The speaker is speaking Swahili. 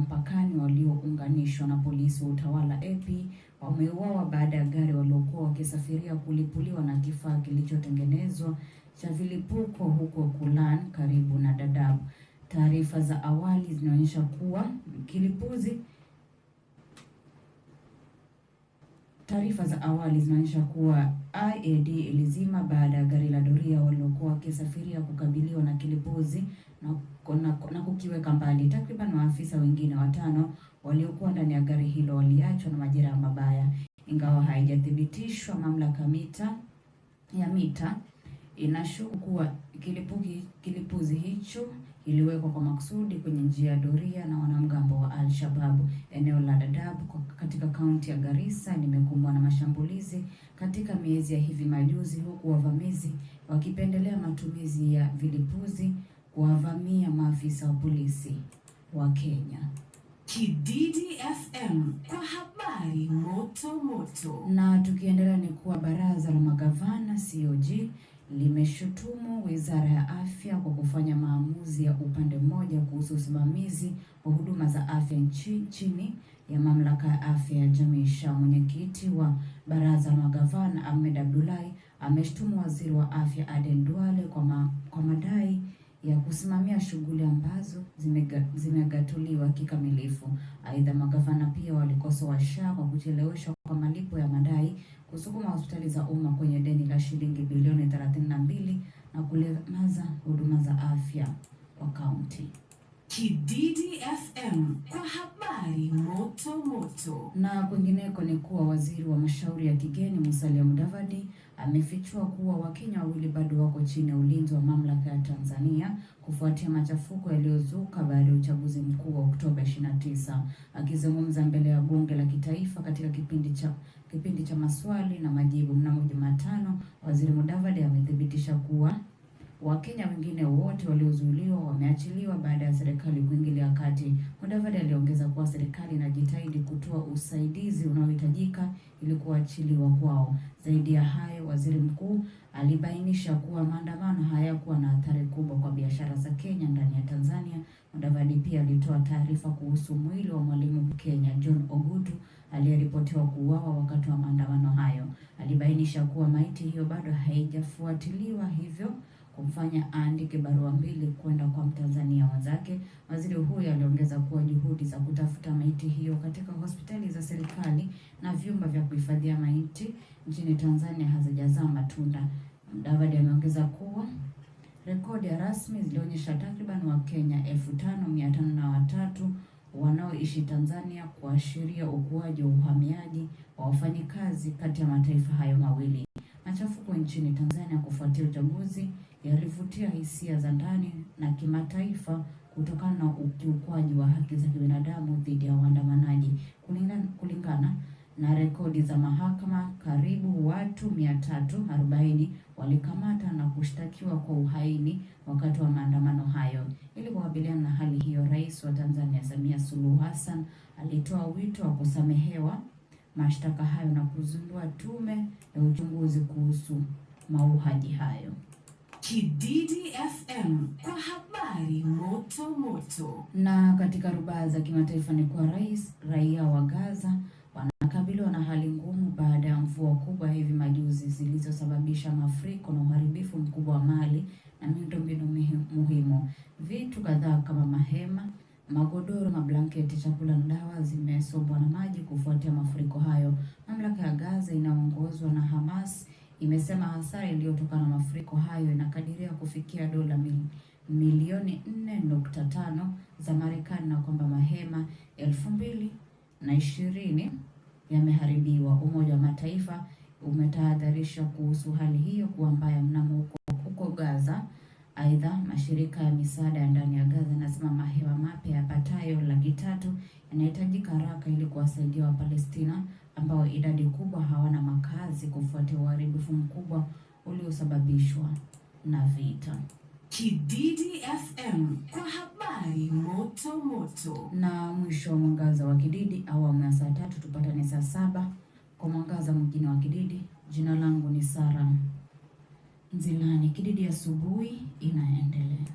mpakani waliounganishwa na polisi wa utawala AP wameuawa baada ya gari waliokuwa wakisafiria kulipuliwa na kifaa kilichotengenezwa cha vilipuko huko Kulan karibu na Dadaab. Taarifa za awali zinaonyesha kuwa kilipuzi Taarifa za awali zinaonyesha kuwa IAD ilizima baada ya gari la doria waliokuwa wakisafiria kukabiliwa na kilipuzi na, na, na kukiweka mbali. Takriban maafisa wengine watano waliokuwa ndani ya gari hilo waliachwa na majeraha mabaya, ingawa haijathibitishwa mamlaka mita ya mita Inashuku kuwa kilipuki, kilipuzi hicho iliwekwa kwa makusudi kwenye njia ya doria na wanamgambo wa Al-Shabaab. Eneo la Dadaab katika kaunti ya Garissa limekumbwa na mashambulizi katika miezi ya hivi majuzi, huku wavamizi wakipendelea matumizi ya vilipuzi kuwavamia maafisa wa polisi wa Kenya. Kididi FM kwa habari moto moto. Na tukiendelea ni kuwa baraza la magavana COG limeshutumu Wizara ya Afya kwa kufanya maamuzi ya upande mmoja kuhusu usimamizi wa huduma za afya chini ya Mamlaka ya Afya ya Jamii SHA. Mwenyekiti wa Baraza la Magavana Ahmed Abdullahi ameshtumu Waziri wa Afya Aden Duale kwa, ma, kwa madai ya kusimamia shughuli ambazo zimegatuliwa zimegatuliwa kikamilifu. Aidha, magavana pia walikosoa SHA kwa kucheleweshwa kwa malipo ya madai kusukuma hospitali za umma kwenye deni la shilingi bilioni 32 na kulemaza huduma za afya kwa kaunti. Kididi FM kwa habari moto moto. Na kwingineko ni kuwa waziri wa mashauri ya kigeni Musalia Mudavadi amefichua kuwa Wakenya wawili bado wako chini ya ulinzi wa mamlaka ya Tanzania kufuatia machafuko yaliyozuka baada ya uchaguzi mkuu wa Oktoba 29. Akizungumza mbele ya bunge la kitaifa katika kipindi cha kipindi cha maswali na majibu mnamo Jumatano, Waziri Mudavadi amethibitisha kuwa Wakenya wengine wote waliozuiliwa wameachiliwa baada ya serikali kuingilia mikakati. Mudavadi aliongeza kuwa serikali inajitahidi kutoa usaidizi unaohitajika ili kuachiliwa kwao. Zaidi ya hayo, waziri mkuu alibainisha kuwa maandamano hayakuwa na athari kubwa kwa biashara za Kenya ndani ya Tanzania. Mudavadi pia alitoa taarifa kuhusu mwili wa mwalimu kenya John Ogutu aliyeripotiwa kuuawa wakati wa maandamano hayo. Alibainisha kuwa maiti hiyo bado haijafuatiliwa hivyo kumfanya aandike barua mbili kwenda kwa Mtanzania wenzake. Waziri huyo aliongeza kuwa juhudi za kutafuta maiti hiyo katika hospitali za serikali na vyumba vya kuhifadhia maiti nchini Tanzania hazijazaa matunda. Mudavadi ameongeza kuwa rekodi ya rasmi zilionyesha takriban Wakenya elfu tano mia tano na watatu wanaoishi Tanzania kuashiria ukuaji wa uhamiaji wa wafanyikazi kati ya mataifa hayo mawili. Machafuko nchini Tanzania kufuatia uchaguzi yalivutia hisia za ndani na kimataifa kutokana na ukiukwaji wa haki za kibinadamu dhidi ya waandamanaji. Kulingana, na rekodi za mahakama, karibu watu 340 walikamata na kushtakiwa kwa uhaini wakati wa maandamano hayo. Ili kukabiliana na hali hiyo, Rais wa Tanzania Samia Suluhu Hassan alitoa wito wa kusamehewa mashtaka hayo na kuzindua tume ya uchunguzi kuhusu mauaji hayo. Kididi FM kwa habari moto moto. Na katika rubaa za kimataifa ni kwa rais, raia wa Gaza wanakabiliwa na hali ngumu baada ya mvua kubwa hivi majuzi zilizosababisha mafuriko na uharibifu mkubwa wa mali na miundombinu muhimu. Vitu kadhaa kama mahema, magodoro, mablanketi, chakula na dawa zimesombwa na maji kufuatia mafuriko hayo. Mamlaka ya Gaza inaongozwa na Hamas imesema hasara iliyotokana na mafuriko hayo inakadiria kufikia dola milioni 4.5 za Marekani na kwamba mahema elfu na ishirini yameharibiwa. Umoja wa Mataifa umetahadharisha kuhusu hali hiyo kuwa mbaya mnamo huko Gaza. Aidha, mashirika ya misaada ya ndani ya Gaza yanasema mahewa mapya yapatayo laki tatu yanahitajika haraka ili kuwasaidia Wapalestina ambao idadi kubwa hawana makazi kufuatia uharibifu mkubwa uliosababishwa na vita. Kididi FM kwa habari moto moto. Na mwisho wa mwangaza wa Kididi awamu ya saa tatu, tupatane saa saba kwa mwangaza mwingine wa Kididi. Jina langu ni Sara Nzilani, Kididi Asubuhi inaendelea.